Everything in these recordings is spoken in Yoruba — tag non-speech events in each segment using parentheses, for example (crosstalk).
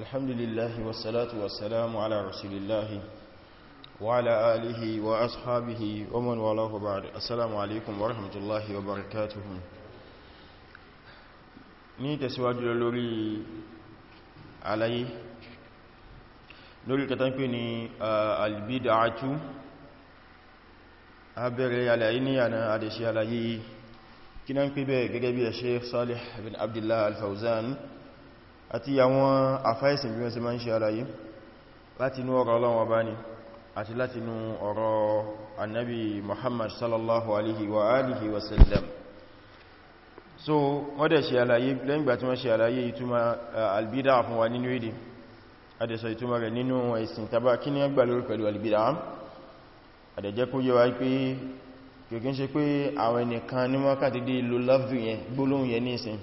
الحمد لله والصلاة والسلام على رسول الله وعلى آله وأصحابه ومن والله بعد السلام عليكم ورحمة الله وبركاته نيت سواجل لوري علي لوري كتنبيني البدعة أبري على إني أنا أدشي علي كنان كبير كبير الشيخ صالح بن عبد الله الفوزان الفوزان àti àwọn àfáìsìn bí wọ́n ṣe máa ń ṣe àlàyé láti inú ọ̀rọ̀ ọlọ́wọ́ bá ní àti láti inú ọ̀rọ̀ annabi muhammad sallallahu alaihi wa alihi wa sallam so wọ́n dẹ̀ ṣe àlàyé lẹ́yìn gbà tí wọ́n ṣe àlàyé ìtumọ̀ albida fún wa nínú èdè adẹ̀sọ ìtumọ̀ rẹ̀ nínú ẹ̀sìn tàbá kí ní ẹgbà lórí pẹ̀lú albida adẹ̀jẹ́ kó yẹ wa pé kìí ṣe pé àwọn ẹnìkan ní wọ́n dé lo lafdhu yẹn gbólóhùn yẹn ní ìsìn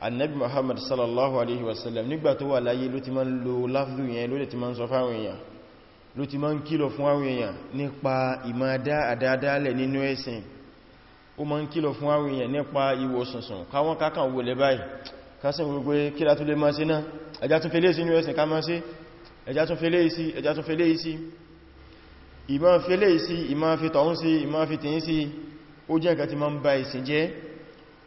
annabi muhammad sallallahu alaihi wasallam nígbà tó wà láyé ló ti ma ń lo láfdù yẹn ló ti ma ń sọ fáwọn èèyàn ló ti ma ń kílọ̀ fún àwọn èèyàn nípa ìmá dáadáadáalẹ̀ nínú ẹ̀sìn ó ma ń kílọ̀ fún àwọn èèyàn nípa ìwọ̀ sùnsùn káwọn kákan wòlẹ̀ báyìí kásìn gbogbo kílá tó lè máa sí náà ẹjá tún fẹ́lé sí inú ẹ̀sìn ká máa sí ẹjá tún fẹ́lé sí ẹjá tún fẹ́lé sí ìmá fẹ́lé sí ìmá fi tọ̀hún sí ìmá fi tìyín sí ó jẹ́ nǹkan tí ma ń ba ìsìn jẹ́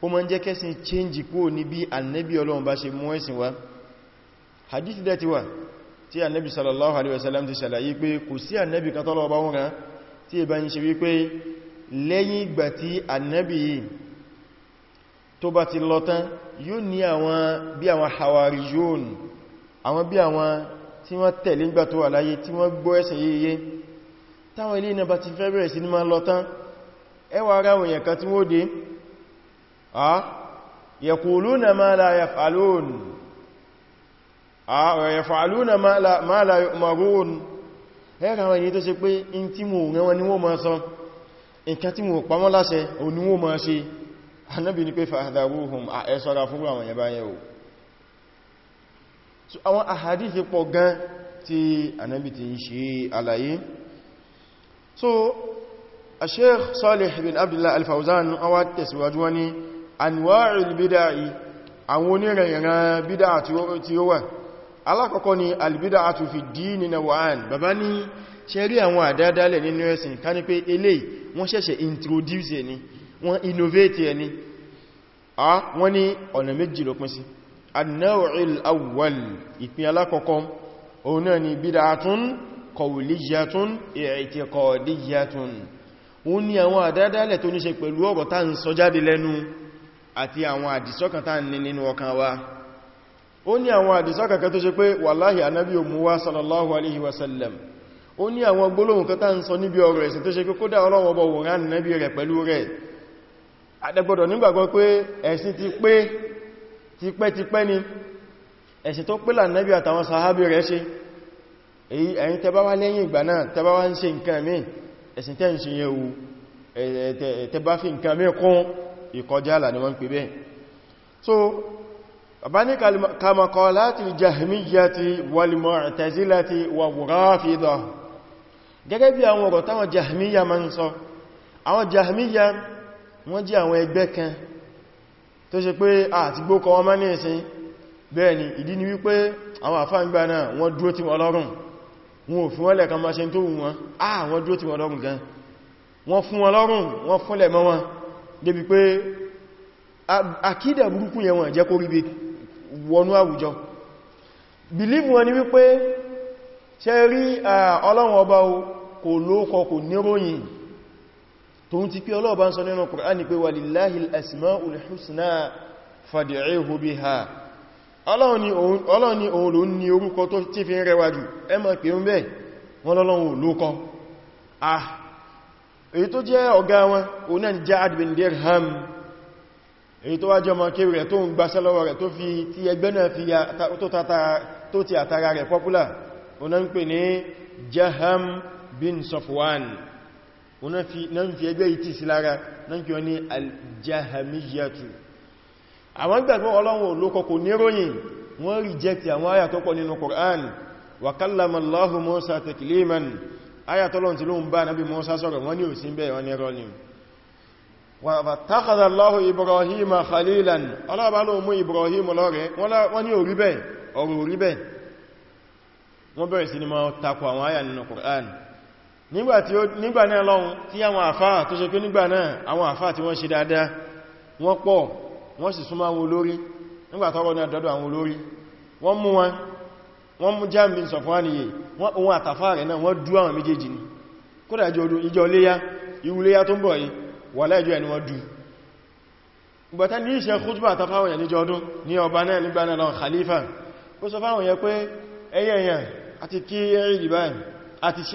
ó ma ń jẹ́ kẹ́sìn change kúrò ní bí annabi ọlọ́run bá ṣe mú ẹ̀sìn wá hadith dẹ̀ ti wà tí annabi sallallahu alaihi wasallam ti ṣàlàyé pé kò sí annabi kan tọ́lọ ọba wọn tí ìbá ń ṣe wípé lẹ́yìn ìgbà tí annabi tó bá ti lọ tán yóò ní àwọn bí àwọn hawariyun àwọn bí àwọn tí wọ́n tẹ̀lé ìgbà tó wà láyé tí wọ́n gbọ́ ẹ̀sìn yíye táwọn ilé ìnà ti fẹ́ bẹ̀rẹ̀ sí ní máa lọ ẹwà ara òyìnkan tí wọ́n dé yaquluna ma la yaf'alun yaf'aluna ma la yu'marun ẹ̀rọ àwọn èyí tó ṣe pé in tí mo rẹ̀ wọn ni wọ́n máa sọ nǹkan tí mo pamọ́ láṣẹ òní wọ́n máa ṣe anábì ní pé fa'adharuhum ẹ ṣọ́ra fún àwọn yẹba yẹ o so àwọn ahadith pọ̀ anwa'il bida'i àwọn oníranran bídá tí ó wà alákọ̀ọ́kọ́ ni albida'atu fi dini naw'an bàbá ní ṣe rí àwọn àdádálẹ̀ nínú ẹ̀sìn ká ní pé eléyìí wọ́n ṣẹ̀ṣẹ̀ introduce ẹni wọ́n innovate ẹni a wọ́n ní ọ̀nà méjì ló pín sí annaw'il awwal ìpín alákọ̀ọ́kọ́ òun náà ni bida'atun qawliyatun i'tiqadiyyatun wọ́n ní àwọn àdádálẹ̀ tó ní ṣe pẹ̀lú ọ̀rọ̀ tá ń sọ jáde lẹ́nu àti àwọn àdìsọ́kàn tá ní nínú ọkàn wa ó ní àwọn àdìsọ́kàn kan tó ṣe pé wàláhì anábí òmúwá sallallahu alaihi wasallam ó ní àwọn gbólóhùn kan tá ń sọ níbi ọ̀rọ̀ ẹ̀sìn tó ṣe pé kódà ọlọ́wọ́ bọ̀ wòrán nábí rẹ̀ ni ẹ̀sìn tó pé lànàbí àtàwọn sahábì rẹ̀ ṣe èyí ẹ̀yin tẹ́ bá wá lẹ́yìn ìgbà náà tẹ́ bá wá ìkọjáàlà ni wọ́n pè bẹ́ẹ̀ so bàbá ní kamakọláti jahmiyyati wal mu'tazilati wa rafida gẹ́gẹ́ bí àwọn ọ̀rọ̀ táwọn jahmiyya ma ń sọ àwọn jahmiyya wọ́n jẹ́ àwọn ẹgbẹ́ kan tó ṣe pé ti gbókọ wọn má ìdí ni wípé àwọn àfáàgbà náà wọ́n dúró wọ́n lọ́rùn wọn ò fún ṣe tó wù wọn wọ́n débi pé àkídà burúkú yẹn wọ́n jẹ́ kó rí bí wọnú àwùjọ believe wọn ni wípé ṣe rí ọlọ́run ọba kò lóókọ kò níròyìn tó ń ti pé ọlọ́run bá ń sọ nínú Kùránì pé walillahi al-asma'ul husna fad'ihu biha ọlọ́run ni òun ló ní orúkọ tó tí fi ń rẹwà jù ẹ máa pè ń bẹ́ẹ̀ wọ́n lọ́lọ́run ò ah èyí tó jẹ́ ọ̀gá wọn o náà Ja'ad bin Dirham èyí tó wá jẹ́ ọmọ kí rẹ̀ tó ń gbaṣẹ́ lọ́wọ́ rẹ̀ tó fi tí ẹgbẹ́ náà fi tó ti àtàrà rẹ̀ pọ́pùlà o náà ń pè ní Jaham bin Safwan o náà fi ẹgbẹ́ ìtì sí lára náà kí wọ́n ní al-Jahamiyatu ayatollah ti ló ń bá nabi musa sọ̀rọ̀ wọ́n ní òsín bẹ́ẹ̀ wọ́n ní rọ́lìn wa takhadha Allahu ibrahima khalilan ọlọ́bá ló mú ibrahim lọ́rẹ̀ wọn ni orí bẹ́ẹ̀ ọ̀rọ̀ orí be wọ́n bẹ̀rẹ̀ sí ni ma takò àwọn àyà nínú Qur'an nígbà náà lọ́hun tí àwọn àfáà tó ṣe pé nígbà náà àwọn àfáà tí wọ́n ṣe dáadáa wọ́n pọ̀ wọ́n sì súnmọ́ àwọn olórí nígbà tọ́rọ àwọn olórí Jam wọ́n àtàfà rẹ̀ náà wọ́n dú àwọn méjèèjì ni kódà ìjọ léyá irú léyá tó ń bọ̀ yìí wà láìjọ ẹni wọ́n dú gbọ́ta ní ìṣẹ́ khutbah àtàfà àwọn ìjọ ọdún ní ọba náà nígbà náà khalifa ó sọ fáwọn yẹ pé ẹyẹ èèyàn àti kí ẹ̀rìdì báyìí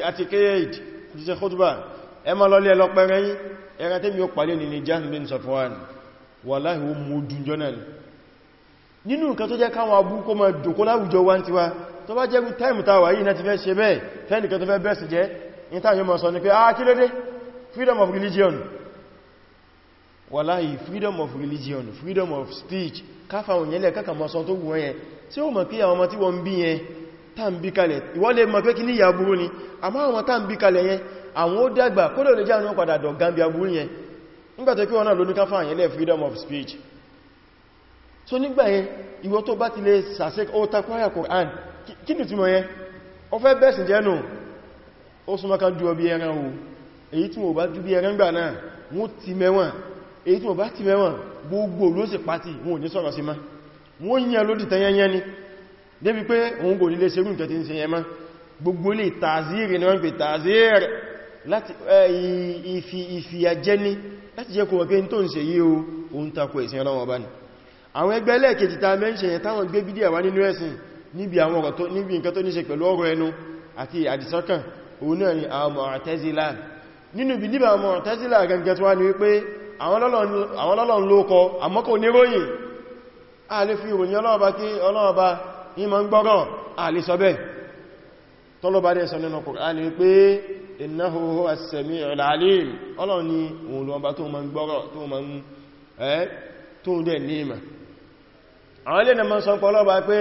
àti kí ẹ̀rìdì ti ṣe khutbah ẹ ma lọlé ẹlọpẹrẹ yìí ẹran tẹ́mi ó pàdé ní ní Jahm bin Safwan wallahi ó mú tó bá jẹ́rú táìmù tàwà yìí náà ti fẹ́ ṣe bẹ́ẹ̀ fẹ́nìkan tó fẹ́ bẹ́ẹ̀ jẹ́ ní táìmù mọ̀ sọ ní pé ah kí freedom of religion wàláhì freedom of religion freedom of speech káfà òyìnlẹ̀ káka mọ̀ sọ tó wù ẹyẹn tí ó mọ̀ pé àwọn ọmọ tí wọ́n bí yẹn tàn bí kalẹ̀ ìwọ́n lè mọ̀ pé kí ní ìyà burú ni àmọ́ àwọn tàn bí kalẹ̀ yẹn àwọn ó dàgbà kó lè jẹ́ àwọn padà dọ̀ gambi aburú yẹn nígbàtí kí wọ́n náà lóní káfà àyẹ̀lẹ̀ freedom of speech so nígbà yẹn ìwọ tó bá ti lè sàṣẹ́ ó takwáyà Qur'an kí ni túnmọ̀ yẹn ó fẹ́ bẹ́sìn jẹ́nu ó súnmọ́ kan ju ọbí ẹran o èyí tí wọ́n bá ju bí ẹran gbà náà wọ́n ti mẹ́wọ̀n èyí tí wọ́n bá ti mẹ́wọ̀n gbogbo ló sì pàtì wọn ò ní sọ̀rọ̀ sí ma wọ́n yẹn lódì tẹ́yẹnyẹ́ ni débi pé òun kò nílé ṣerú nǹkan tí ń ṣe yẹn mọ́ gbogbo lè tààzírì ni wọ́n pè tààzírì láti ìfìyàjẹni láti jẹ́ kó wọ́n pé tó ń ṣe yíò òun takò ìsìn ọlọ́wọ́ bá ni àwọn ẹgbẹ́ lẹ́ẹ̀kejì ta mẹ́ṣẹ̀yẹn táwọn gbé bídíà wá nínú ẹ̀sìn níbi àwọn ọ̀rọ̀ tó níbi nǹkan tó níṣe pẹ̀lú ọ̀rọ̀ ẹnu àti àdìsọ́kàn òun náà ni àwọn Mu'tazila nínú ibi níbi àwọn Mu'tazila gangan tó wá ní wípé àwọn Ọlọ́run ló kọ àmọ́ kò ní ròyìn a lè fi ìròyìn Ọlọ́run bá kí Ọlọ́run bá ìmọ̀ ń gbọ́rọ̀ a lè sọ bẹ́ẹ̀ tọ́lọ́bá dẹ̀ sọ àwọn ilé ìnàmọ́ sọ pọ̀ pé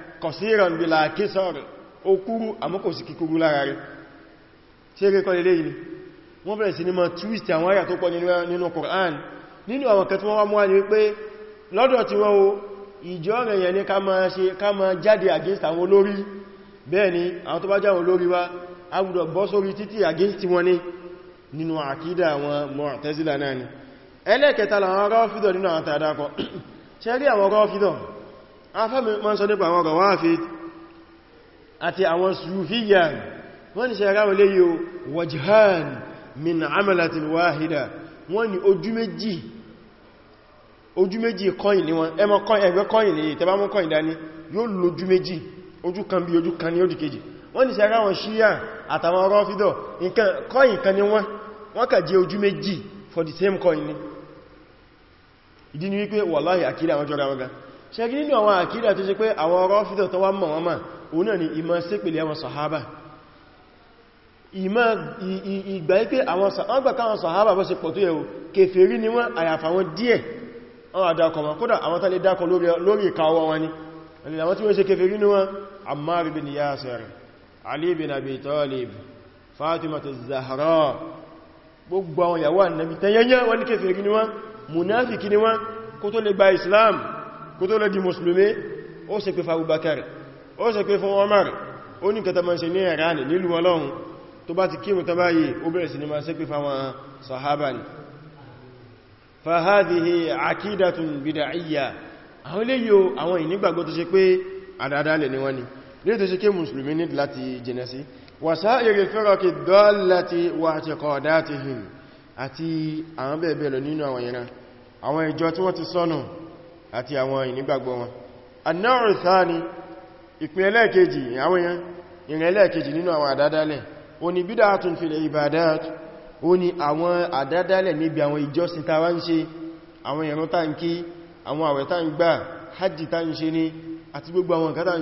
kọ̀síran bí láàkí sọ́rọ̀ ó kúrú àmúkòsí kíkúrú lára rẹ̀ ṣe rí kọ́ lélé yìí wọ́n bẹ̀rẹ̀ sí ní ma twist àwọn àyà tó pọ̀ nínú Qur'an nínú àwọn kẹtù wọ́n wá mú wáyé pé lọ́dọ̀ tí wọ́n o ìjọ rẹ̀ yẹn ní ká ma jáde against àwọn olórí bẹ́ẹ̀ ni àwọn tó bá já àwọn olórí wá agbùdọ̀ bọ́ sórí títí against wọn ni nínú àkídà ni ẹlẹ́kẹta làwọn Rāfidah nínú àwọn afẹ́mì ma ń sọ nípa àwọn Rawafid àti àwọn Sufiyan wọ́n ni ṣẹ̀rá olè yíò wajhan min amalatin wahida wọ́n ni ojú méjì ojú méjì kọ́yìn ni wọ́n ẹmọ ẹgbẹ́ kọ́yìn ni tẹbá mú kọ́yìn dání yóò lójú méjì ojú kan bí ojú kan ní ojú kejì wọ́n ni ṣẹ̀rá ṣe rí nínú àwọn àkídà tó ṣe pé àwọn ọ̀rọ̀ fídọ̀ tó wá mọ̀ wọ́n mà òun náà ni ìmọ̀ sípìlì àwọn sàhábà ìgbà ipé àwọn sàhábà bọ́ sí pọ̀ tó yẹ̀wò kèfèrí ni wọ́n àyàfà wọn díẹ̀ wọ́n àdàkọ̀ wọn kódà àwọn tàlé dákọ̀ lórí ìkàwọ́ wọn ni àwọn tí wọ́n ṣe kèfèrí ni wọ́n Ammar bin Yasir Ali bin Abi Talib Fatimatu kó tó lè gba Islam kó tó lọ́dí mùsùlùmí ó ṣe pé fàúbákàrí ó ṣe pé fún Umar ó ní kẹta ma ṣe ní ẹ̀rá ní nílùú ọlọ́run tó bá ti kírun ta báyìí ó bẹ̀rẹ̀ sí ni ma ṣe pé fáwọn sahaba ni fahadihi akidatun bida'iyya àwọn ilé àwọn ìnígbàgbọ́ tó ṣe pé àdádálẹ̀ ni wọ́n ni ní tó ṣe ké mùsùlùmí ní láti jìnà sí wasairi firaki dọ́lati wa i'tiqadatihim àti àwọn bẹ̀ẹ̀bẹ̀ẹ̀ lọ nínú àwọn ìran àwọn ìjọ tí wọ́n ti sọnù àti àwọn ìnígbàgbọ́ wọn an-naw'u thani ìpín ẹlẹ́ẹ̀kejì àwọn èèyàn ìrìn ẹlẹ́ẹ̀kejì nínú àwọn àdádálẹ̀ ó ní bid'atun fil ibadat ó ní àwọn àdádálẹ̀ níbi àwọn ìjọsìn ta wá ń ṣe àwọn ìrun tá ń kí àwọn àwẹ̀ tá ń gbà hajji tá ń ṣe ní àti gbogbo àwọn nǹkan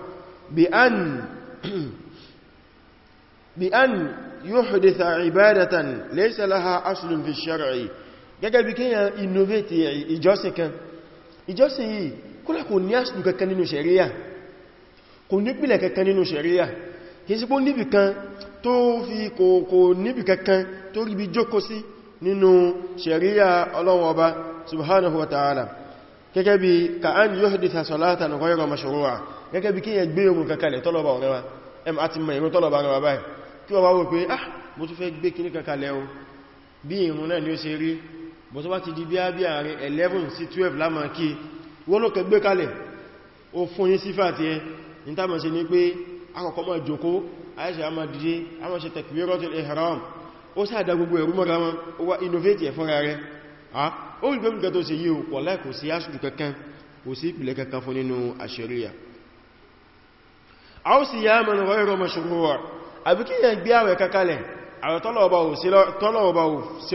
بأن بأن يحدث عبادة ليس لها أصل في الشرع gẹ́gẹ́ bí kí yàn innovate ìjọsìn kan ìjọsìn yìí kúrò kò ní àṣìlú kankan nínú ṣẹ̀ríyà kò ní pìlẹ̀ kankan nínú ṣẹ̀ríyà kìí sí pó níbi kan tó fi kò níbi kankan tó rí bí jókó sí nínú ṣẹ̀ríyà ọlọ́wọ́ba gẹ́gẹ́ bí kí yẹn gbé ohun kankalẹ̀ tọ́lọ̀bà ọ̀rẹ́wà ẹm àti mọ̀ ìrún tọ́lọ̀bà ọ̀rẹ́wà báyìí kí wọ́n wá wò pé ah mo tún fẹ́ gbé kíní kankalẹ̀ o bí ìrún náà ni ó ṣe rí bó tó bá ti di bí á bí àárín 11 sí 12 lámà kí wọ́n ló kẹ gbé kalẹ̀ ó fún yín sífà ti ẹ ní tá mọ̀ sí ni pé akọ̀kọ́ mọ̀ jòkó àìṣẹ́ àmà dìde àmà ṣe takbiratul ihram ó sáàdá gbogbo ẹ̀rú mọ́ra rí pé tó ṣe yíò pọ̀ láì sí aṣùjú kankan kò sí ìpìlẹ̀ kankan fún nínú àṣẹríyà a ó sì yá mọ̀ lọ́rọ̀ ìrọ̀ mọ̀ṣùgbọ́wà àbí kí yẹn gbé àwẹ̀ kakalẹ̀ àwẹ̀ tọ́lọ̀ọba ò sí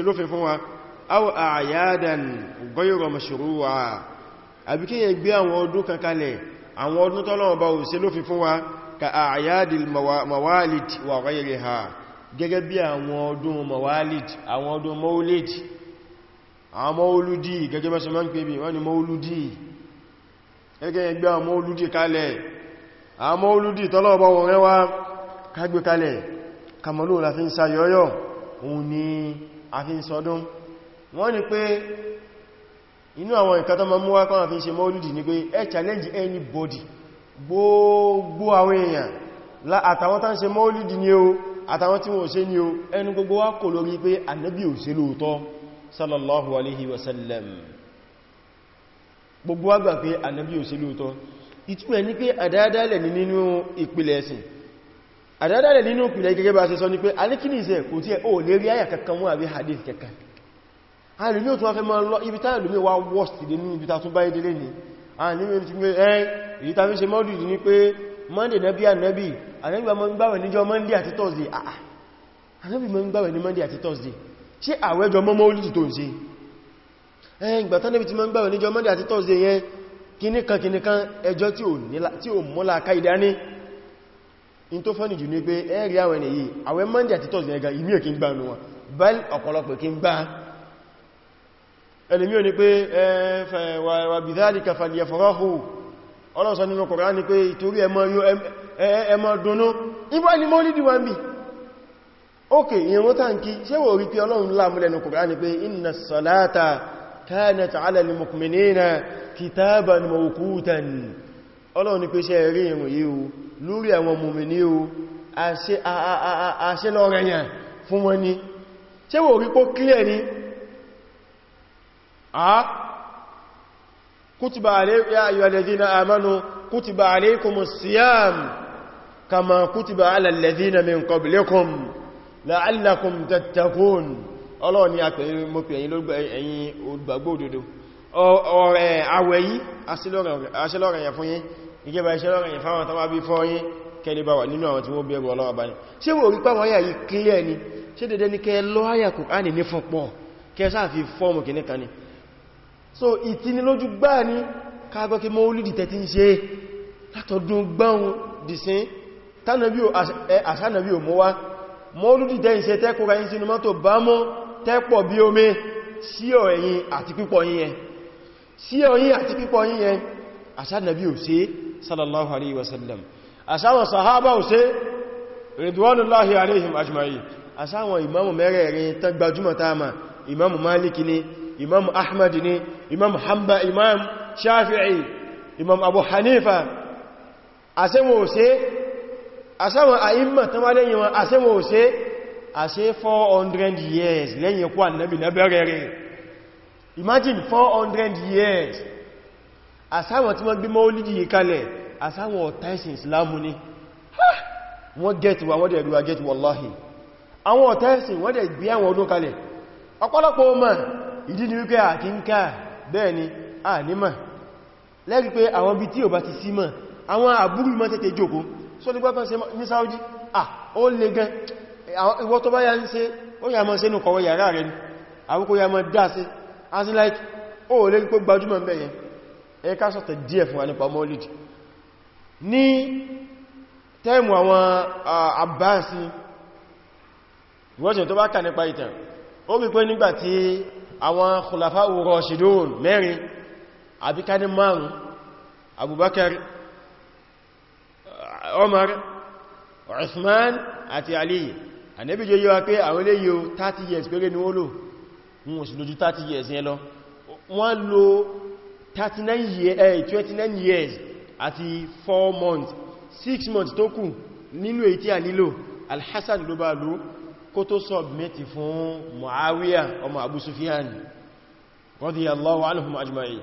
lófin fún wa awọ àyádàn gọ́yọ̀rọ̀ mọ̀ṣùgbọ́wà àbí kí yẹn gbé àwọn ọdún kakalẹ̀ àwọn ọdún tọ́lọ̀ọba ò sí lófin fún wa ka àyádìl mawalid wà rẹ̀rẹ̀ ha gẹ́gẹ́ bí àwọn ọdún mawalid àwọn ọdún maulid àwọn àmọ́ olùdí tọ́lọ́ọ̀bọ̀ wọn rẹwà kágbé kalẹ̀ kàmọ́lù la fi ń sayọyọ òun ni a fi ń sọdún wọ́n ní pé inú àwọn ìkàtọ́ ma mú wákọ́ àfi ń ṣe mọ́lùdí ni pé ẹ challenge anybody gbogbo àwọn èèyàn àtàwọn tán ṣe mọ́lùdí ni o àtàwọn tí wọ́n ṣe ni o ẹnu gbogbo wa kò lórí pé ànábì ò ṣe lóòótọ́ sallallahu alaihi wasallam gbogbo wa gbà pé ànábì ò ṣe lóòótọ́ ìtumọ̀ ní pé àdádálẹ̀ ní nínú ìpìlẹ̀ ẹ̀sìn àdádálẹ̀ nínú ìpìlẹ̀ gẹ́gẹ́ bá ṣe sọ ní pé alikini ìsẹ̀ kò tí ẹ o lè rí àyà kankan wọ́n àbí hadith kankan alìmí ò tún afẹ́ máa lọ ibi táà lómi wá worst dé ní ibi tàtún báyé délé ní alìmí ti pé ẹ́ monday nabi ń gbàwẹ̀ níjọ́ monday àti thursday ah anabi ma ń monday àti thursday ṣé àwẹ́jọ mọ́mọ́ olùtù tó ń ṣe ẹ́ ìgbàtánẹ́bì ti ma monday àti thursday yẹn kíníkan kíníkan ẹjọ́ tí ò múlá ká ìdá ní in tó fọ́nì jù ní pé ẹ̀rí àwọn ènìyàn yìí àwọn mọ́ndì àti tọ́sì ẹ̀gá ìmí ò kí ń gbá nù wọn bẹ́ẹ̀ ọ̀pọ̀lọpọ̀ kí ń gbá ẹlẹ́mí ò ní wa bidhalika falyafrahu ọlọ́sọ nínú Kùránì ní pé ìtorí ẹmọ dúnú ibọ́ ni mọ́ lídí wọn bí ókè ìrún tàǹkì ṣé wò rí pé Ọlọ́run láàmúlẹ̀nù Kùránì ní pé inna salata كانت على المؤمنين كتابا موقوتا Ọlọ́run ní pé ṣe rí ìrùn yìí o lórí àwọn mùmìní o àṣẹ lọ́rẹ̀yàn fún wọn ni ṣe wò rí pó clear ni a kútìbà ayyuhalladhina amanu kútìbà alaykumus siyam kútìbà ọlọ́run ni àpẹ̀yìn mo pè ẹ̀yin lógbà ẹ̀yin olùgbàgbọ́ òdodo ọ̀rẹ́ àwẹ̀ yìí aṣẹ́lọ́rẹ̀ yẹn fún yín ìjẹba iṣẹ́lọ́rẹ̀ yẹn fáwọn tánwà bí fọ́ yín kẹlẹ̀bà wà nínú àwọn tí wọ́n bẹ̀rù ọlọ́run bá ní ṣe wò rí pàwọn ni ṣe dédé ní kẹ lọ àyà Kùránì ní fún pọ̀ kẹ sáà fi fọ́ọ̀mù ni so ìtinilójú gbá ní kágbọ́ kí mọ́lìdì tẹ́tí ń ṣe látọdún gbáhun dìsín tánàbí ò àṣánàbí ò mọ́wá tẹ́kùnrin sínú mọ́tò bá mọ́ tẹ́pọ̀ bí omi sí ọ̀yìn àti pípọ̀ yíyẹn sí ọ̀yìn àti pípọ̀ yíyẹn àṣánàbí ò sí sallallahu alaihi wasallam àṣáwọn sahaba ò sí ridwanullahi alaihim ajma'i àṣáwọn imamu mẹ́rẹ̀ẹ̀rin tán gbajúmọ̀ táàmà imamu maliki ni imamu ahmad ni imamu hamba imam shafi'i imam abu hanifa àṣẹ́wọ̀n ò sí àṣáwọn àìmọ̀ tán àṣé 400 years lẹ́yìn ikú ànábì lẹ́bẹ̀rẹ̀ rẹ̀ imagine 400 years àsáwọn tí wọ́n gbé mọ́lìdì yìí kalẹ̀ àsáwọn ọ̀tá ẹ̀sìn islamu ni wọ́n gẹ́ẹ̀tì wa wọ́n dẹ̀ rí wa gẹ́ẹ̀tì wallahi àwọn ọ̀tá ẹ̀sìn wọ́n dẹ̀ gbé àwọn ọdún kalẹ̀ ọ̀pọ̀lọpọ̀ ọmọ ìdí ni wípé àti ń ká bẹ́ẹ̀ ni a nímọ̀ lẹ́rí pé àwọn bí tí ò bá ti sí mọ̀ àwọn àbúrú mọ́ tètè jókòó sólúgbọ́n ní Saudi ah ó le gan ìwọ tó bá yá ń ṣe ó yá mọ́ sínú kọwọ́ yàrá rẹ̀ ní àwúkó yá mọ́ dá sí as in like ó lè pé gbajúmọ̀ mẹ́yẹn ẹ ká sọ̀tẹ̀ díẹ̀ fún wa nípa mọ́lid ní tẹ́mù àwọn àbáàsí ìwọ́sìn tó bá kà nípa ìtàn ó rí pé nígbàtí àwọn khulafa rashidun mẹ́rin àbíkání márùn abubakar omar uthman àti aliyu ànẹ́bí jẹ́ yíwa pé àwọn eléyìí 30 years péré ni ó lò wọn sì lójú 30 years yẹn lọ wọ́n lò 39 years, eh, 29 years àti 4 months 6 months tó kù nínú èyí tí a nílò alhassan ló bá lò kó tó submit fún muawiya ọmọ abu sufyan radiyallahu anhum ajma'in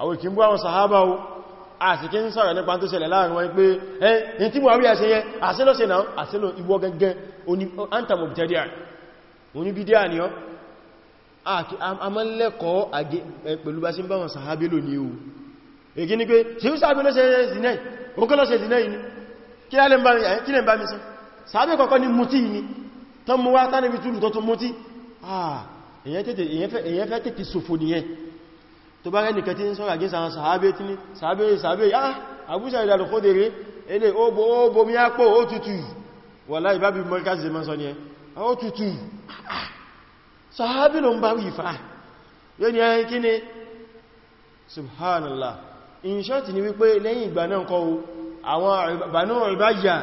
àwọn ìkínbú àwọn sahaba àsìkí ń sọ̀rọ̀ nípa tó ṣẹlẹ̀ láàrin wọn pé ẹ̀yìn tí Muawiya ṣe yẹn àṣílọ́ṣẹ́ náà àṣílọ́ ìwọ gẹ́gẹ́ antamobitaria oníbídíà ni ọ́ amọ́lẹ́kọ̀ọ́ pẹ̀lú bá sí bá wọn sàhábé lò ní o ègí ni pé ṣe ń sàábé lọ́ṣẹ́ zinai okọ́lọ́ṣẹ́ zinai ni kí lẹ́ bá mi sọ sàábé kọ̀kọ́ ni mutí ni tán mú wá tánàbí túlù tó tún mutí ah èyàn fẹ́ tètè sòfò nìyẹn tó bá rẹ́nìkan tí ń sọ́rọ̀ àgẹ́sà àwọn sàábé tí ní sàábé sàábé ah, yá àbúṣà ìdàlù kódèrè ilé óbò óbò mi ápò ó tutù wàlá ìbábi mọ́ríkàsì zèmọ́ sọ ní ẹ ó tutù sàábé ló ń bá wìfà yóò ní ẹ̀yìn eh, kíni subhanallah in short ni wípé lẹ́yìn ìgbà náà kọ́ àwọn Banu Ubayya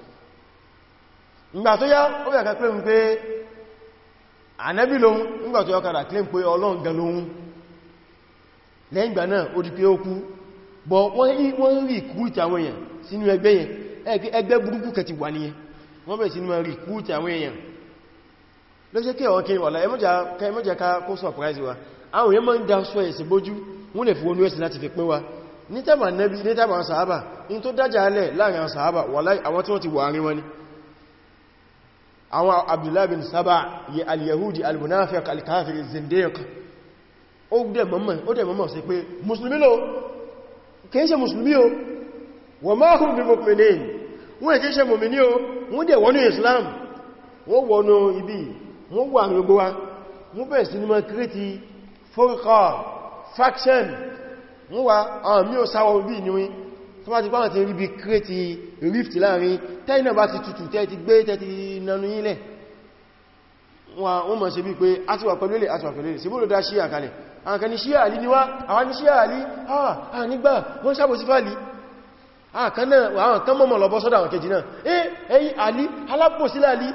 ìgbà ya yá ó bẹ̀rẹ̀ claim pé ànẹ́bí lóhun ìgbà tó yọ́kàdà claim pé ọlọ́run gan lóhun lẹ́yìn ìgbà náà ó di pé ó kú bọ̀ wọ́n rí ìkúrìtì àwọn èèyàn sínú ẹgbẹ́ yẹn ẹgbẹ́ burúkú kẹti wà níyẹn wọ́n bẹ̀rẹ̀ sínú rí ìkúrìtì àwọn èèyàn ló jẹ́ kí ọ̀kẹ́ wà láì mọ́jẹ́ surprise wa àwọn èèyàn àwọn Abdullah bin Saba yẹ al-Yahudi al-Munafiq al-Kafir al-Zindiq ó dẹ̀ mọ́mọ̀ sí pé musulmi ló kìí ṣe musulmi o wa ma hum bi mu'minin wọ́n kìí ṣe mu'mini o wọ́n dẹ̀ wọnú Islam wọ́n wọnú ibi wọ́n wà gbogbo wa wọ́n bẹ̀rẹ̀ sí mọ́ kírétì fọ́nkọ́ faction wọ́n wà àmì ò bí ni wọ́n tó bá ti pàwọn ti rí bí kírètì rift láàrin tẹ́yìnà bá ti tutù tẹ́ ti gbé tẹ́ ti nanú yílẹ̀ wọ́n mọ̀ ṣe bí pé a ti wà pẹ̀lú ilẹ̀ a ti wà pẹ̀lú ilẹ̀ sí bóòlò dá ṣíyà kalẹ̀ àǹkan ni ṣíyà àlì níwá àwọn ni ṣíyà àlì àà nígbà wọ́n sábò sí fàálì àwọn kan mọ̀mọ̀ lọ bọ́ sọ́dọ̀ àwọn kejì náà ẹ̀yìn àlì alábòsílẹ̀ àlì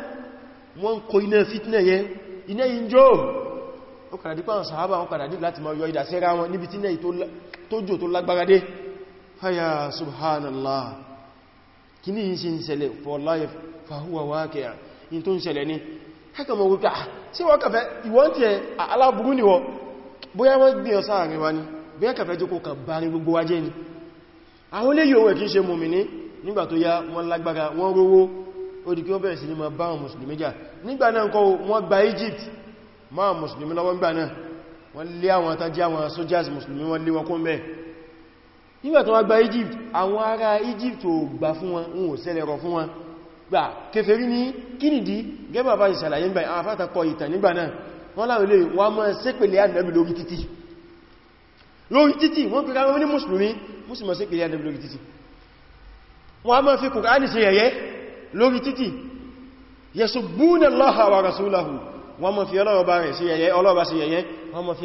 wọ́n kó iná fitna yẹn iná yíjọ́ ó faya subhanallah kini yin si n ṣẹlẹ̀ wallahi fahuwa waqi'a in tó ń ṣẹlẹ̀ ni haka ah, ah, ma wuka sí wọ́n kàfẹ́ ìwọ́n tí ẹ aláburú ni wọ́n bóyá wọ́n gbí ọ sáàrin wa ni bóyá kàfẹ́ jókó kà bari gbogbo wa jẹ́ ni àwọn olè yíò wẹ̀ kí ṣe mùmìní nígbà tó yá wọ́n lágbára wọ́n rówó odìkí wọ́n bẹ̀rẹ̀ sí ní nígbàtí wọ́n gba Egypt àwọn ará Egypt ò gbà fún wọn wọn ò sẹ́lẹ̀rọ fún wọn gbà kèfèrí ní kínìdí gẹ́bà bá ìṣàlàyé gbà àwọn afátakọ ìtàn nígbà náà wọ́n láwọn ilé wọ́n mọ́ sépèlé ànábì lórí títì lórí títì wọ́n pẹ̀lú àwọn ní mùsùlùmí mùsùlùmí sépèlé ànábì wa rasulahu wọ́n mọ́ fi ọlọ́ọ̀bá rẹ̀ ṣe yẹ̀yẹ́ ọlọ́ọ̀bá ṣe yẹ̀yẹ́ wọ́n mọ́ fi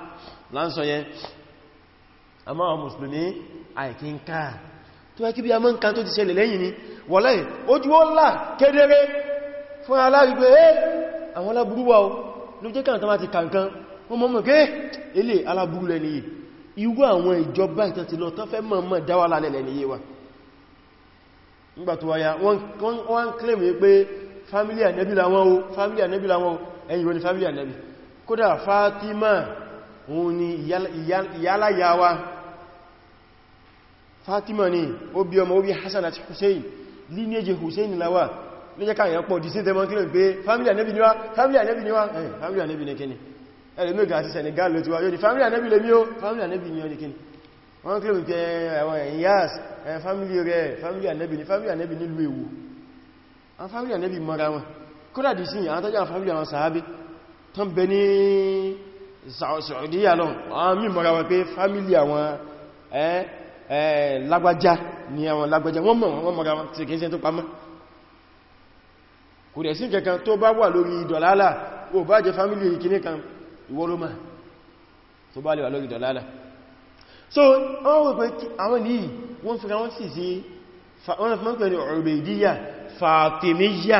láńsọ yẹn a máa mùsùlùmí àìkí ń ká tó ẹkí bí a máa ń ká tó ti ṣẹlẹ̀ lẹ́yìn ni wọ́lẹ̀ ojú ó là kedere fún aláàrígbé ẹ́ àwọn aláburúwà o ló jẹ́ káàkiri máa ti kàǹkan wọ́n mọ́ mọ̀ pé ilé aláburú lẹ́niyè igbó àwọn ìjọba ìtàn ti lọ tán fẹ́ mọ̀ wa nígbà tó wáyá wọ́n claim pé family ànẹ́bí làwọn family ànẹ́bí làwọn o ẹ̀yìn wọn ni family ànẹ́bí kódà òun ni ìyáláyàwá Fatima ni ó bí ọmọ ó bí Hassan àti Hussein lineage Hussein láwà ló jẹ́ káyẹ̀ pọ̀ dìsí tẹ́mọ́ kílò pé family Ànábì níwá family Ànábì níwá family Ànábì ní kíni ẹ̀rẹ̀ mẹ́gbà àti Senegal ló ti family Ànábì lè mí family Ànábì ní ọdí kíni wọ́n kílò pé family rẹ̀ family Ànábì ní family Ànábì nílùú ewu àwọn family Ànábì mọ́ra wọn kódà dìsí àwọn tọ́jú àwọn family àwọn sàábí tán bẹ ní Saudiya lọ àwọn mímọ̀ra wọn pé fámílì àwọn lágbàjá ni àwọn lágbàjá wọ́n mọ̀ wọ́n mọ̀ra wọn tí kìí ṣe tó pamọ́ kò dẹ̀ sí kẹ̀kan tó bá wà lórí ìdọ̀lálà ó bá jẹ fámílì ìkíní kan ìwọ́lómà tó bá lè wà lórí ìdọ̀lálà so wọ́n wọ́n pé àwọn yìí wọ́n fi wọ́n sì sí wọ́n fi mọ́pẹ̀ ní Ubaydiyya Fatimiyya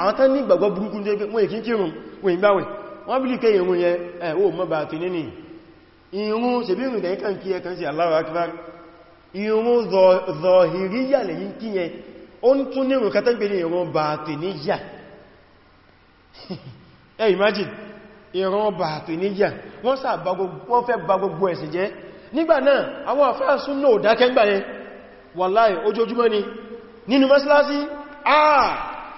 àwọn tán ní ìgbàgbọ́ burúkú jẹ́ pé wọ́n èkí kírùn wọ́n ìgbàwẹ̀ wọ́n bí líkẹ́ ìrún yẹ ẹ̀wọ́ mọ́bà tí ní ní ìrún ṣebí ìrìn dẹ̀yìn kan kí ẹ kan sí Allahu Akbar ìrún zọ̀hìríyà lẹ́yìn kí yẹ ó ń tún ní ìrùn kátẹ́ pé ní ìrún bà tí ní yà (laughs) ẹ imagine ìrún bà tí ní yà wọ́n fẹ́ bà gbogbo ẹ̀sìn jẹ́ nígbà náà àwọn àfáà súnnà ò dákẹ́ ń gbà yẹn wàláhì ojoojúmọ́ ni nínú mọ́sálásí àà ah!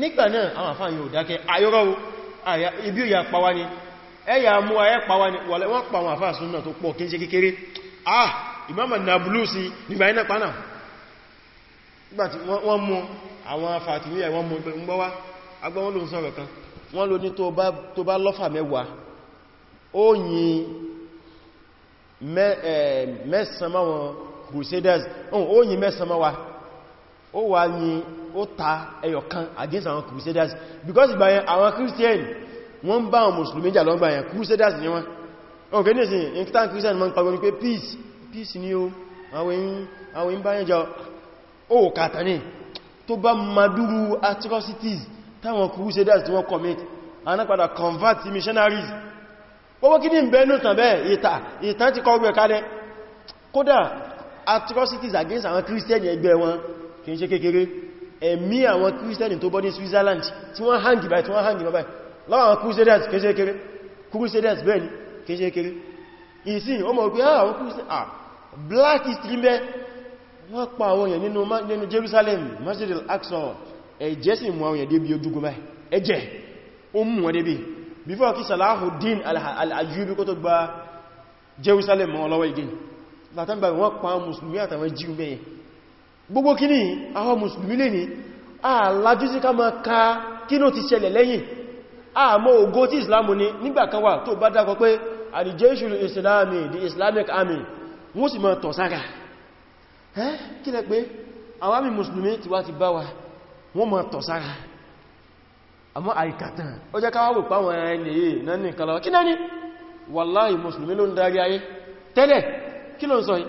nígbà náà àwọn àfáà yóò dákẹ́ ayọ́rọ̀ ibi ìyà pàwá ni ẹ̀yà mú ayẹ́ pàwá ni wọ́n pa àwọn àfáà súnnà tó pọ̀ kíńṣe kékeré ah ìmáàmà Nablusi nígbà iná pánà nígbàtí wọ́n mú àwọn Fatimiyya wọ́n mú gbọ́wá agbọ́n wọn ló ń sọ̀rọ̀ kan wọ́n ló ní tó bá lọ́fà mẹ́wàá ó yìn mẹ́sàn-án wọn crusaders ó yìn mẹ́sàn ó wà ní ó ta ẹyọkan against àwọn crusaders because ìgbà yẹn àwọn christian wọ́n bá àwọn mùsùlùmí jà lọ́gbà yẹn crusaders ni wọ́n ọ̀gẹ́ ní ìsìn ìkítàn christian ma ń pàgbọ́n pé peace peace ni ó àwọn ìbá yẹn jà ó kàtà ní tó bá madúrú atrocities táwọn crusaders tí wọ́n commit anápadà convert missionaries pọ́pọ́ kí ní ìbẹ̀ẹ́nù tàn bẹ́ẹ̀ ìta ìta ti kọ́ ọgbẹ̀ kalẹ̀ kódà atrocities against àwọn christian ẹgbẹ́ wọn kì í ṣe kékeré ẹ̀mí àwọn kírísítẹ́nì tó bọ́ ní Switzerland tí wọ́n hangi báyìí tí wọ́n hangi báyìí láwọn crusaders kì í ṣe kékeré crusaders bẹ́ẹ̀ ni kì í ìsìn ó mọ̀ pé ah, àwọn crusaders ah, black history mẹ́ wọ́n pa Jerusalem Masjid al-Aqsa ẹ̀jẹ̀ sì mú àwọn èèyàn débi ojúgun báyìí ẹ̀jẹ̀ ó mú wọn débi before kí Salahuddin al Jerusalem mọ́ ọlọ́wọ́ ìgbìn látàbí wọ́n pa mùsùlùmí àtàwọn jíu mẹ́yìn gbogbo kíní àwọn mùsùlùmí lè ní àlájú sí ká ma ka kí ló ti ṣẹlẹ̀ lẹ́yìn àmọ́ ògo tí islamu ní nígbàkan wà tó bá dákọ pé àdìjẹ́ṣù islami the islamic army wọ́n sì ma tọ̀ sára ẹ́ kí lẹ pé àwọn àmì mùsùlùmí ti wá ti bá wa wọ́n ma tọ̀ sára àmọ́ àìkàtàn ó jẹ́ káwàwò páwọn ẹni yìí náà ní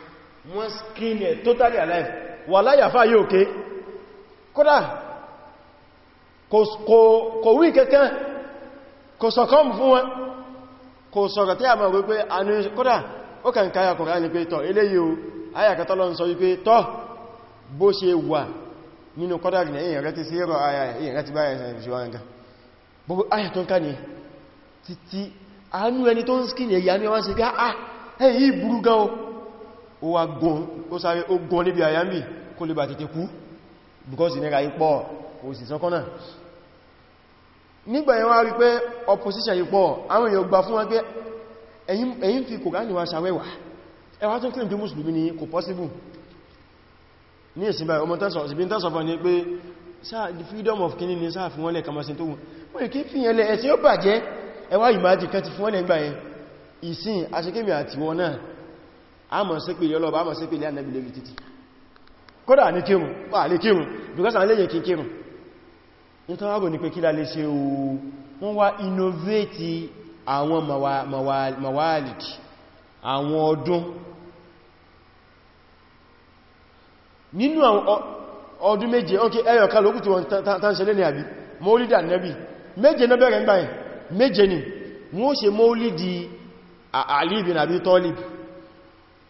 wọ́n skin totally alive wà láyàfà yóò ké kódà kò wí kẹ́kẹ́ kò sọ̀kọ́m fún wọn kò sọ̀rọ̀ tí a mọ̀ wípé anú kódà ó kàn káyà kọ̀rọ̀ ní pé tọ́ eléyìí o ayàkàtọ́ lọ sọ wípé tọ́ bó ṣe wà nínú kódà ní èyàn rẹ̀ ó wá gùn ó sáré ó gùn níbi àyàmì kó lè bà tètè kú because ìnira ipọ̀ kò sì sọ́kọ́nà nígbà yẹn wá rí pé opposition ipọ̀ àwọn èèyàn gbà fún wa pé ẹ̀yin fi Kùránì wa ṣàwẹ́wà ẹwà tó kílẹ̀ bí mùsùlùmí ni kò possible ní ìsinmi freedom of kíní ni sáà fún wọ́n lẹ́ kamasin tó wù wọ́n kí fi yẹn lẹ́ ẹ̀sìn ó bàjẹ́ ẹwà ìmájì ìsìn aṣekémi àti wọn náà a mọ̀ sí pé yọlọ́bà a mọ̀ sí pé ilé annabi lórí títí kódà ní kírùn wà lè kírùn because àwọn lèyẹ kí kírùn ní tán wábò ní pé kílá lè ṣe oó wọ́n wá innovate àwọn mawalik àwọn ọdún nínú ọdún méje ok ẹyọ ká lókùtù wọn tán ṣe lé ní àbí mọ́lídà nẹ́bì méje náà bẹ̀rẹ̀ ń báyìí méje ni wọ́n ṣe mọ́lídì Ali bin Abi Talib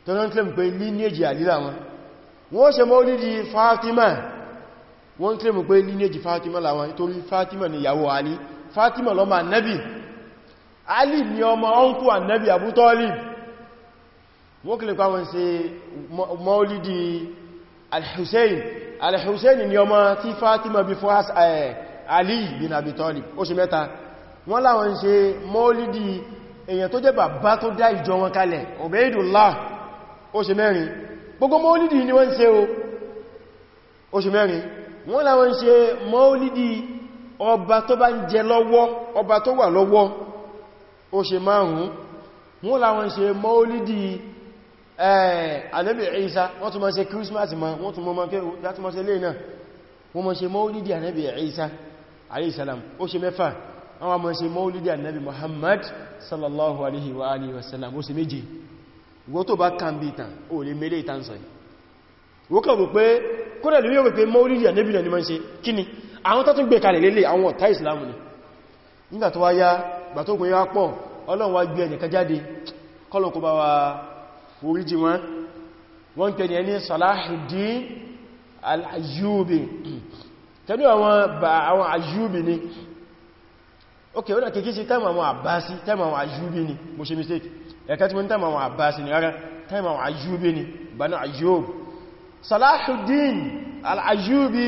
tó lọ́n claim pé lineage àlílà wọn wọ́n ṣe mọ́lídì Fatima wọ́n claim pé lineage Fatima láwọn torí Fatima ni ìyàwó Ali Fatima lọ́mọ annabi Ali ni ọmọ ọkù annabi Abu Talib wọ́n claim pa wọ́n ṣe mọ́lídì al-Hussein al-Hussein ni ọmọ tí Fatima bí fún eh, Ali bin Abi Talib ó ṣe mẹ́ta wọ́n láwọn ṣe mọ́lídì èèyàn tó jẹ́ bàbá tó dá ìjọ wọn kalẹ̀ Ubaydullah oṣù mẹ́rin gbogbo maulidi ni wọ́n ṣe o oṣù mẹ́rin wọ́n láwọn ṣe maulidi ọba tó bá ń jẹ lọ́wọ́ ọba tó wà lọ́wọ́ oṣù márùn-ún wọ́n láwọn ṣe maulidi Ànábì Ìsá wọ́n tún máa ṣe Christmas ma wọ́n tún máa ṣe lè náà wọ́n máa ṣe maulidi Ànábì Ìsá alayhi salam oṣù mẹ́fà wọ́n máa ṣe Muhammad sallallahu alaihi wa alihi wasallam oṣù méje wọ́n tó bá kàn bí ìtàn ó lè mẹ́lẹ̀ ìtàn sọ wọ́n kàn rò pé kódẹ̀ lè yóò rò pé mọ́lìdì ànẹ́bì náà ni máa ń ṣe kí ni àwọn tó tún gbé kalẹ̀ lélẹ̀ àwọn ọ̀tá ìsìlámù ni nígbà tó wá yá gbà tó kùnrin wá pọ̀ ọlọ́run wá gbé ẹnìkan jáde kọ́lọ̀kú bá wa oríjì wọn wọ́n ń tẹni ẹni Salahuddin al-Ayyubi tẹnu àwọn Ayyubi ni ok ó dà kìkí sí tẹ́mù àwọn Abbasi tẹ́mù àwọn Ayyubi ni ẹ̀kẹ́ tí wọ́n tàbí àwọn àbáṣì ní ara tàbí àwọn àyúbí ni bani àyúbí Salahuddin al-Ayyubi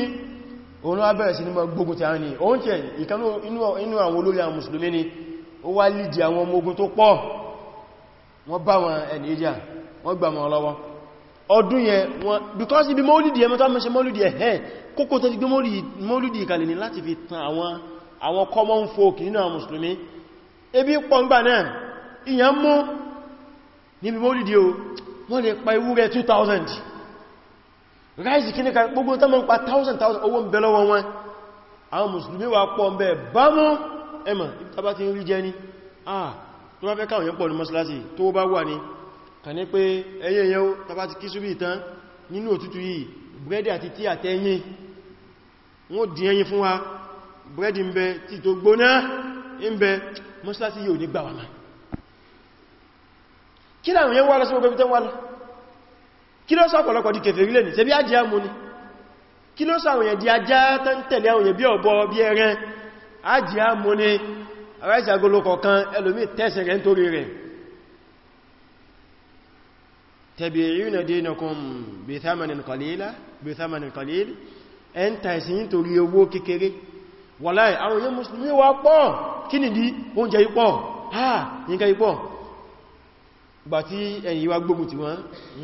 òun wá bẹ̀rẹ̀ sí ní gbógun ti àárín òun tẹ̀ ìkanú inú àwọn olórí àwọn mùsùlùmí ni ó wá lìdí àwọn ọmọ ogun tó pọ̀ wọ́n bá wọn ẹni ìjà wọ́n gbà wọn lọ́wọ́ ọdún yẹn wọ́n because ibi mọ́lìdì ẹmọ́ tó mẹ́ṣe mọ́lìdì ẹ̀hẹ́ kókó tó ti gbé mọ́lìdì ìkàlẹ̀ ni láti fi tan àwọn àwọn common folk nínú àwọn mùsùlùmí ebi pọ̀ ń gbà náà ìyàn mú níbi mọ́lìdí o wọ́n lè pa ewúrẹ́ 2000 ráìsì kí ní ká gbogbo tó mọ́ pa 1000,000 owó ń bẹ lọ́wọ́ wọn àwọn mùsùlùmí wà pọ̀ ń bẹ bá mú ẹmà ìtàbá ti ń rí jẹ ní ah tó bá fẹ́ káwọn yẹn pọ̀ ní mọ́sálásí tó bá wà ní kà ní pé ẹyẹ yẹn ó tàbá ti kí súbí ìtàn nínú òtútù yìí búrẹ́dì àti kí láwọn yẹn wá lọ sí gbogbo tẹ́ wá lọ kí ló sọ ọ̀pọ̀lọpọ̀ di kèfèrí lè ní ṣe bí ajé amú ni kí ló sọ àwọn yẹn di ajá tán tẹ̀lé àwọn yẹn bí ọ̀bọ bí ẹran ajé amú ni aráìsí kọ̀ọ̀kan ẹlòmí tẹ́sẹ̀ bi thamanin qalila bi thamanin qalil ẹn tàìsí nítorí owó kékeré wàláì àwọn yẹn mùsùlùmí wá pọ̀ ha nǹkan ipọ̀ gbà tí ẹ̀yìn wa gbógun ti wọ́n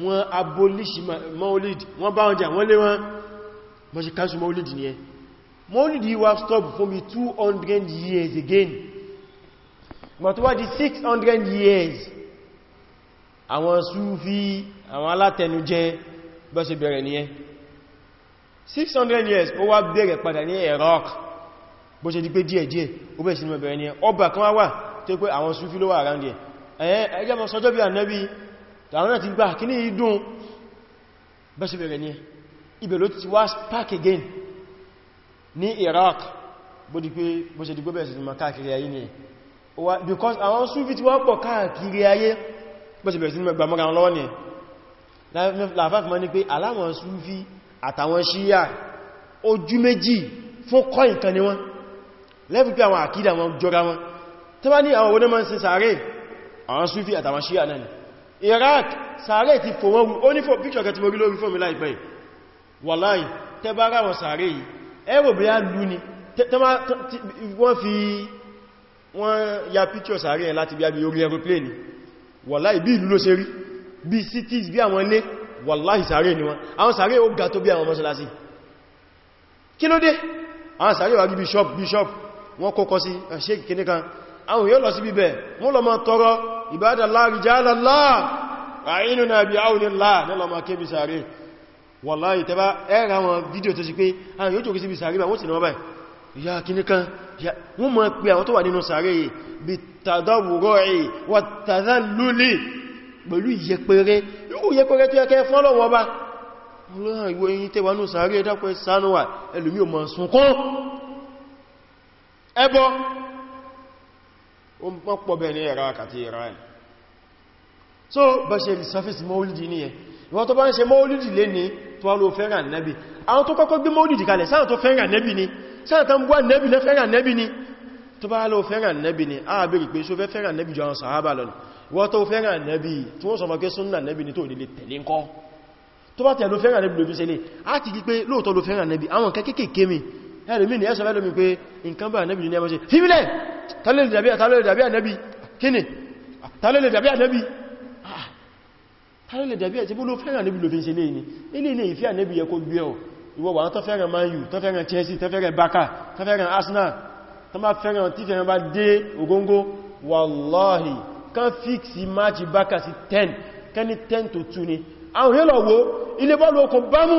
wọ́n abolishi maulid wọ́n bá wọn jà wọ́n lé wọn mọ́ sí káṣù maulid ni ẹ maulid yí wa stop fún bí 200 years again gbà tó wá di 600 years àwọn súfí àwọn alátẹnujẹ bọ́ sí bẹ̀rẹ̀ ni ẹ 600 years ó wá bẹ̀rẹ̀ padà ní Iraq bó ṣe di pé díẹ̀díẹ̀ ó bẹ̀ sí bẹ̀rẹ̀ ni ẹ ọba kan wá wà tó pé àwọn súfí ló wà around there ẹjẹ́ eh, eh, mọ́ sọjọ́ bí ànẹ́bí àwọn àti gbà kí ní ìdún bẹ́ṣe bẹ̀rẹ̀ ní ibẹ̀ ló ti wá spark again ní Iraq bó ṣe dìgbò bẹ̀rẹ̀ sí ma káàkiri because àwọn Sufi ti wá pọ̀ káàkiri ayé bó ṣe bẹ̀rẹ̀ sí ma gbà mọ́ra lọ́wọ́ ní láfáàkì mọ́ ní pé aláwọn Sufi àtàwọn Shia ojú méjì fún kọ́ nǹkan ni wọ́n lẹ́fù pé àwọn àkídà wọn jọra wọn tó bá ní àwọn onímọ̀ sí sàárè àwọn Sufi àtàwọn Shia náà Iraq sàárè ti fò wọ́n ó ní fò píṣọ̀ kẹtìmọ̀ orí lórí fòmí láìpẹ́ wàláì tẹbára wọn sàárè yìí ẹwò bí á lú ni wọ́n fi wọ́n ya píṣọ̀ sàárè yẹn láti bí orí aeroplane wàláì bí ìlú ló ṣe rí bí cities bí àwọn ilé wàláì sàárè ni wọ́n àwọn sàárè ó ga tó bí àwọn bishop bishop wọ́n kọ́kọ́ sí sheik kìnníkan àwọn yóò lọ sí bíbẹ̀ wọ́n mọ́ ibadallah rijalallah ra'inuna bi aunillah nílọ ma ké bisare wallahi tẹba ẹ̀rà wọn fídíò tó sì pé àwọn yóò jókè sí bisare bá wọ́n sì náà báyìí ya kìní kan wọ́n mọ̀ pé àwọn tó wà nínú sàárè bí tàdọ̀wòrọ̀ ẹ̀ wà tàdálúlé pẹ̀lú ìyẹpẹrẹ yóò yẹpẹrẹ tó yẹkẹ fọ́lọ̀wọ́ bá ọlọ́run ó pọ̀ bẹ̀ ní Iraq àti Iran so bá ṣe resurface maulidi ní ẹ ìwọ́n tó bá ń ṣe maulidi lé ní tó wá ló fẹ́ràn nẹ́bì àwọn tó kọ́kọ́ gbé maulidi kalẹ̀ sáà tó fẹ́ràn nẹ́bì ni a bèèrè pé ṣó fẹ́ fẹ́ràn nẹ́bì jọ àwọn sàhábà lọ ìwọ́n tó fẹ́ràn nẹ́bì tí wọ́n sọ mọ́ pé súnnà nẹ́bì ni tó nílé tẹ̀lé ń kọ́ tó ẹlòmí ni ẹsọ ẹlòmí pé nǹkan bá ànábì ní ẹmọ́ sí fíbílẹ̀ tàlẹ́lẹ̀ dàbí ànábì kíni tàlẹ́lẹ̀ dàbí ànábì ah! tàlẹ́lẹ̀ dàbí àti bó ló fẹ́ràn ànábì ló fi ń ṣe léyìn ilé ní ìfẹ́ ànábì yẹ kó gbé ọ ìwọ wà tó fẹ́ràn Man U tó fẹ́ràn Chelsea tó fẹ́ràn Barca tó fẹ́ràn Arsenal tó má fẹ́ràn tí fẹ́ràn bá dé ògóngó wallahi kan fíksì match. Barca sí 10 kan ní 10 to 2 ni àwọn yẹ́lọ̀wó ilé bọ́ọ̀lù okùn bámú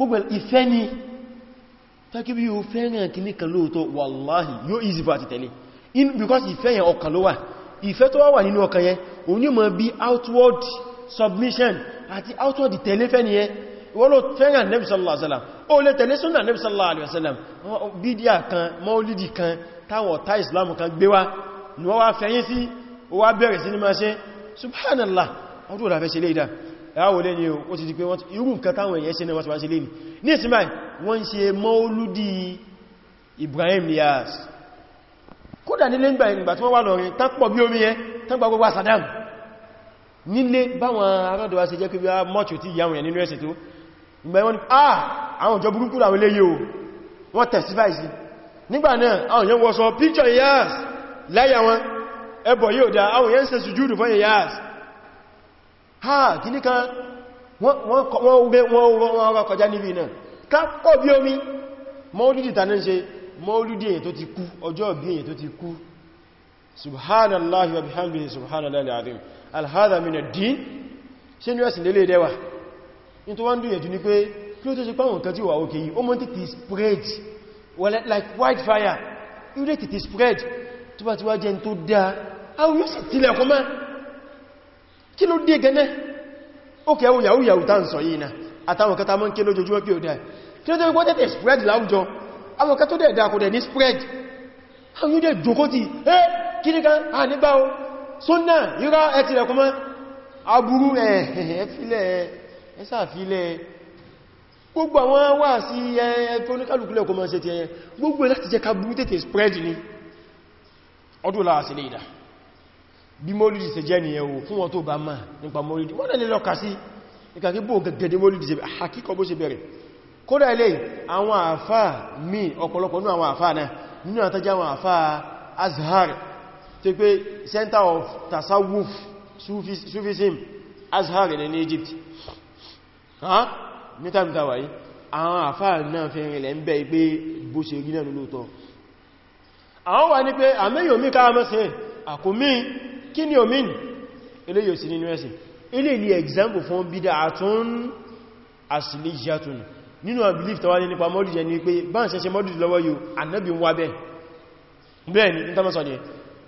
gbogbo ìfẹ́ ni tọ́kí bí yóò fẹ́ràn kì ní kan lóòótọ́ wàláhì yóò easy for àti tẹ̀lé because ìfẹ́ yẹn ọkàn ló wà ìfẹ́ tó wà nínú ọkàn yẹn òun bí outward submission àti outward tẹ̀lé fẹ́ ni yẹn wọ́n ló fẹ́ràn Nabi sallallahu alaihi wasallam ó lè tẹ̀lé súnà Nabi sallallahu alaihi wasallam bídíà kan Islam kan gbé wá ni wọ́n subhanallah ọdún òdàfẹ́ ṣe lè dáa ráwọ̀ lẹ́ni ó ti di pé irú nǹkan táwọn èèyàn ṣe náà wọ́n ti wá sí lẹ́ni ní ìsinmi wọ́n ń ṣe mọ́lúdí Ibrahim Niyas kódà nílé ń gbà ìgbà tí wọ́n wà lọ́rin tán pọ̀ bí omi yẹn tán gbà gbogbo Saddam nílé báwọn arọ́dọ̀wà ṣe jẹ́ pé bá mọ́ọ̀tù tí ìyàwó yẹn nínú ẹ̀sẹ̀ tó ìgbà wọn ni ah àwọn ìjọ burúkú làwọn eléyìí o testify sí nígbà náà àwọn yẹn wọ́n sọ picture Niyas láyà wọn ẹbọ̀ yóò dá àwọn yẹn ń ṣe sùjúdù ha kìní kan wọ́n ube wọ́n ọ̀rọ̀ kọjá níbi náà kápọ̀ bí omi mọ́lúdì tàní ṣe mọ́lúdì èyàn tó ti kú ọjọ́ bí èyàn tó ti kú subhanallahi wa bihamdihi subhanallahi alazim alhada min ad-din ṣe ni wẹ́sìn lélẹ̀ dẹwà in tó wọ́n dùn yẹ̀dù ní pé kí ó tó ṣe pàwọn kan tí wà òkè yìí ó mọ́ títí spread well like wildfire irú títí spread tó bá ti wá jẹ́ tó dáa àwọn yóò sì tilẹ̀ kọ́ mẹ́ kí ló dé gẹ́nẹ́ ó kẹ́ ohun yàwó yàwó tán sọ yìí na àtàwọn kẹta mọ́ kí lójoojúmọ́ pé ó dá kí ló tó wọ́n tẹ́tẹ̀ spread láwùjọ àwọn kẹtọ́ dẹ̀ dá kò dẹ̀ ní spread àwọn yóò dẹ̀ jókó ti ẹ́ kí ní kan à nígbà o sọ́nà ìrá ẹ̀tì rẹ̀ kọmọ́ aburú ẹ̀ẹ́fílẹ̀ gbogbo àwọn wà sí ẹ̀ẹ́fẹ́ oníkàlùkúlẹ̀ kọmọ́ ṣe ti ẹ̀yẹn gbogbo láti ni ọdún láàá sí lè bí mólìdì ṣe jẹ́ ni ẹwò fún wọn tó bá máa nípa mólìdì wọ́n lè lọ́ka sí ìkàkí bó gẹ̀gẹ̀dẹ̀ mólìdì ṣe àkíkọ bó ṣe bẹ̀rẹ̀ kódà ilé àwọn àfá mi ọ̀pọ̀lọpọ̀ ní àwọn àfá náà nínú àtàjá àwọn àfá azhar center of tasawuf sufism azhar ní Egypt nítàmítàwàí àwọn àfá náà fi rìnlẹ̀ ń bẹ́ pé bó ṣe rí náà lóòtọ́ àwọn wà ní pé àmẹ́yòmí káàmẹ́sẹ̀ àkómí kí ni omin ilé yóò sí nínú ẹ̀sìn ilé ilé example fún bídá àtún asìlẹ́ṣàtún nínú àbílíf tàwà ní nípa mọ́lù jẹ ni pé bá ń ṣẹṣẹ mọ́lù lọ́wọ́ yóò annabi ń wá bẹ́ẹ̀ni ni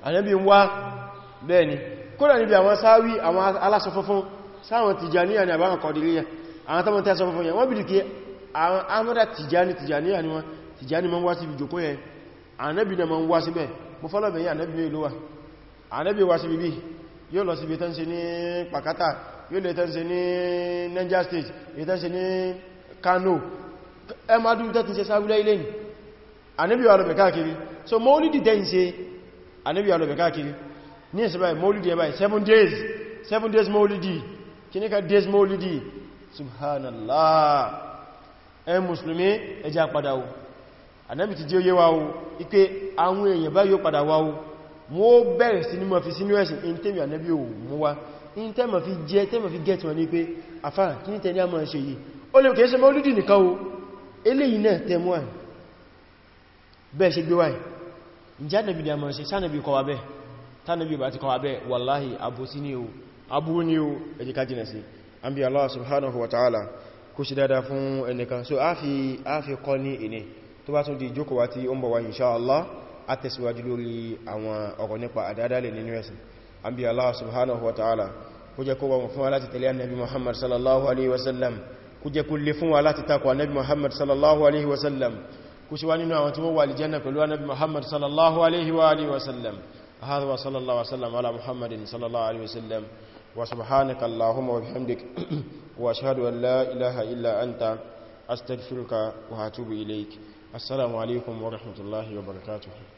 annabi ń wá bẹ́ẹ̀ni kódà níbi àwọn sáwí àwọn aláṣọ funfun sáwọn tìjàníyà ni àbáwọn kọ̀dìríyà àwọn ni wọ́n tìjàní mọ́ wá sí ibi jòkó yẹn annabi na mọ́ wá síbẹ̀ mo fọ́lọ̀ bẹ̀yìn annabi mẹ́ ìlú wa ànábì wá sí bíbí yóò lọ sí tán ṣe ní Pakata yóò lè tán ṣe ní Niger State yóò tán ṣe ní Kano ẹ máa dúró tán ti ṣe sáwílẹ̀ ilé ni ànábì wá lọ́bẹ̀ káàkiri so mọ́lìdì tẹ́ ń ṣe ànábì wá lọ́bẹ̀ káàkiri ní ẹ̀sẹ̀ báyìí mọ́lìdì seven days seven days mọ́lìdì kìníkà days mọ́lìdì subhanallah ẹ mùsùlùmí ẹjá padà wo ànábì ti jẹ́ yé wa wọ́n bẹ̀rẹ̀ sí ní mọ̀ fi sínú ẹ̀sìn in tẹ́mì ànẹ́bí ò mú wá in tẹ́mọ̀ fi jẹ́ tẹ́mọ̀ fi gẹ́ẹ̀tì wọn ní pé àfá kí ní tẹ́ni a máa ṣe yìí ó lè kẹ́ẹ́ṣẹ́ mọ́ lùdì nìkan o eléyìí náà tẹ́mù wà bẹ́ẹ̀ ṣe gbé wáyìí ǹjẹ́ ànẹ́bí Allah subhanahu wa ta'ala kó ṣe so a fi kọ́ ní ìní tó bá tún di ìjókòwà tí a tẹ̀síwájú lórí àwọn ọ̀rọ̀ nípa àdádálẹ̀ nínú ẹ̀sìn an bí Allah subhanahu wa ta'ala kó jẹ́ kó wọ́n fún wa láti tẹ̀lé annabi Muhammad sallallahu alaihi wasallam kó jẹ́ kó lè fún wa láti takwa annabi Muhammad sallallahu alaihi wasallam kó ṣe wá nínú àwọn tí wọ́n wà aljanna السلام عليكم ورحمة الله وبركاته